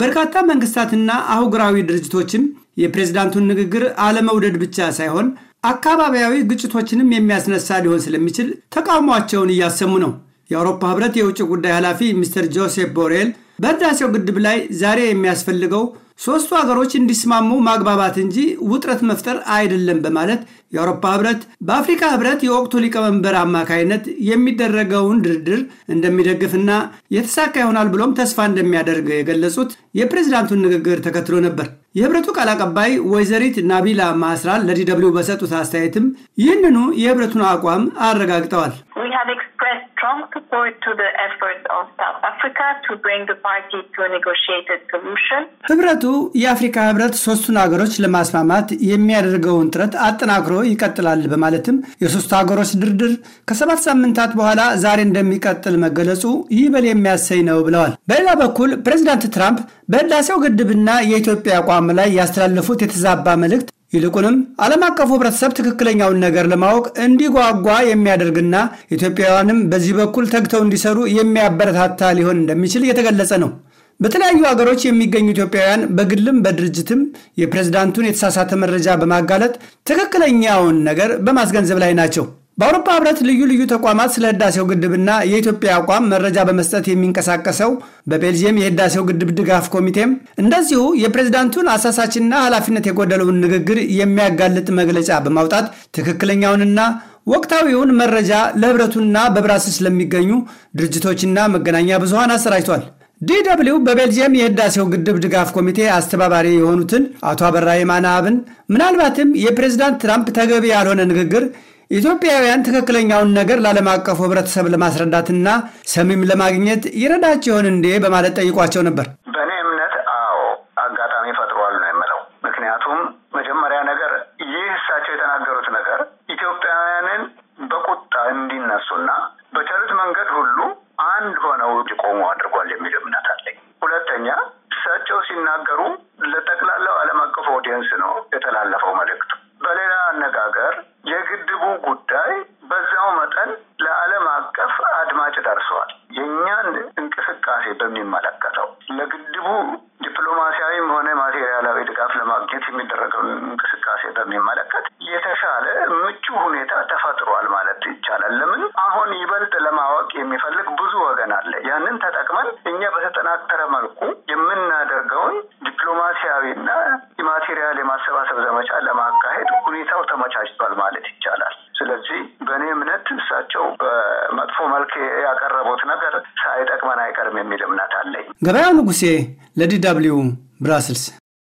በርካታ መንግስታትና አህጉራዊ ድርጅቶችም የፕሬዝዳንቱን ንግግር አለመውደድ ብቻ ሳይሆን አካባቢያዊ ግጭቶችንም የሚያስነሳ ሊሆን ስለሚችል ተቃውሟቸውን እያሰሙ ነው። የአውሮፓ ህብረት የውጭ ጉዳይ ኃላፊ ሚስተር ጆሴፍ ቦሬል በህዳሴው ግድብ ላይ ዛሬ የሚያስፈልገው ሶስቱ ሀገሮች እንዲስማሙ ማግባባት እንጂ ውጥረት መፍጠር አይደለም በማለት የአውሮፓ ህብረት በአፍሪካ ህብረት የወቅቱ ሊቀመንበር አማካይነት የሚደረገውን ድርድር እንደሚደግፍና የተሳካ ይሆናል ብሎም ተስፋ እንደሚያደርግ የገለጹት የፕሬዝዳንቱን ንግግር ተከትሎ ነበር። የህብረቱ ቃል አቀባይ ወይዘሪት ናቢላ ማስራል ለዲደብሊው በሰጡት አስተያየትም ይህንኑ የህብረቱን አቋም አረጋግጠዋል። a strong support to the efforts of South Africa to bring the party to a negotiated solution. ህብረቱ የአፍሪካ ህብረት ሶስቱን ሀገሮች ለማስማማት የሚያደርገውን ጥረት አጠናክሮ ይቀጥላል በማለትም የሶስቱ ሀገሮች ድርድር ከሰባት ሳምንታት በኋላ ዛሬ እንደሚቀጥል መገለጹ ይበል የሚያሰኝ ነው ብለዋል። በሌላ በኩል ፕሬዚዳንት ትራምፕ በህዳሴው ግድብና የኢትዮጵያ አቋም ላይ ያስተላለፉት የተዛባ መልእክት ይልቁንም ዓለም አቀፉ ህብረተሰብ ትክክለኛውን ነገር ለማወቅ እንዲጓጓ የሚያደርግና ኢትዮጵያውያንም በዚህ በኩል ተግተው እንዲሰሩ የሚያበረታታ ሊሆን እንደሚችል እየተገለጸ ነው። በተለያዩ ሀገሮች የሚገኙ ኢትዮጵያውያን በግልም በድርጅትም የፕሬዝዳንቱን የተሳሳተ መረጃ በማጋለጥ ትክክለኛውን ነገር በማስገንዘብ ላይ ናቸው። በአውሮፓ ህብረት ልዩ ልዩ ተቋማት ስለ ህዳሴው ግድብና የኢትዮጵያ አቋም መረጃ በመስጠት የሚንቀሳቀሰው በቤልጅየም የህዳሴው ግድብ ድጋፍ ኮሚቴም እንደዚሁ የፕሬዝዳንቱን አሳሳችና ኃላፊነት የጎደለውን ንግግር የሚያጋልጥ መግለጫ በማውጣት ትክክለኛውንና ወቅታዊውን መረጃ ለህብረቱና በብራስልስ ለሚገኙ ድርጅቶችና መገናኛ ብዙሃን አሰራጅቷል። ዲደብሊው በቤልጅየም የህዳሴው ግድብ ድጋፍ ኮሚቴ አስተባባሪ የሆኑትን አቶ አበራ የማነ አብን ምናልባትም የፕሬዝዳንት ትራምፕ ተገቢ ያልሆነ ንግግር ኢትዮጵያውያን ትክክለኛውን ነገር ለዓለም አቀፉ ህብረተሰብ ለማስረዳትና ሰሚም ለማግኘት ይረዳቸው ይሆን እንዴ በማለት ጠይቋቸው ነበር። በእኔ እምነት አዎ፣ አጋጣሚ ፈጥሯል ነው የምለው። ምክንያቱም መጀመሪያ ነገር ይህ እሳቸው የተናገሩት ነገር ኢትዮጵያውያንን በቁጣ እንዲነሱና በቻሉት መንገድ ሁሉ አንድ ሆነው እንዲቆሙ አድርጓል የሚል እምነት አለኝ። ሁለተኛ እሳቸው ሲናገሩ ለጠቅላላው ዓለም አቀፍ ኦዲየንስ ነው የተላለፈው መልእክቱ። ላይ በዛው መጠን ለዓለም አቀፍ አድማጭ ደርሰዋል። የእኛን እንቅስቃሴ በሚመለከተው ለግድቡ ዲፕሎማሲያዊም ሆነ ማቴሪያላዊ ድጋፍ ለማግኘት የሚደረገውን እንቅስቃሴ በሚመለከት የተሻለ ምቹ ሁኔታ ተፈጥሯል ማለት ይቻላል። ለምን አሁን ይበልጥ ለማወቅ የሚፈልግ ብዙ ወገን አለ። ያንን ተጠቅመን እኛ በተጠናከረ መልኩ የምናደርገውን ዲፕሎማሲያዊና ማቴሪያል የማሰባሰብ ዘመቻ ለማካሄድ ሁኔታው ተመቻችቷል ማለት ይቻላል። ስለዚህ በእኔ እምነት እሳቸው በመጥፎ መልክ ያቀረቡት ነገር ሳይጠቅመን አይቀርም የሚል እምነት አለኝ። ገበያው ንጉሴ ለዲ ደብልዩ ብራስልስ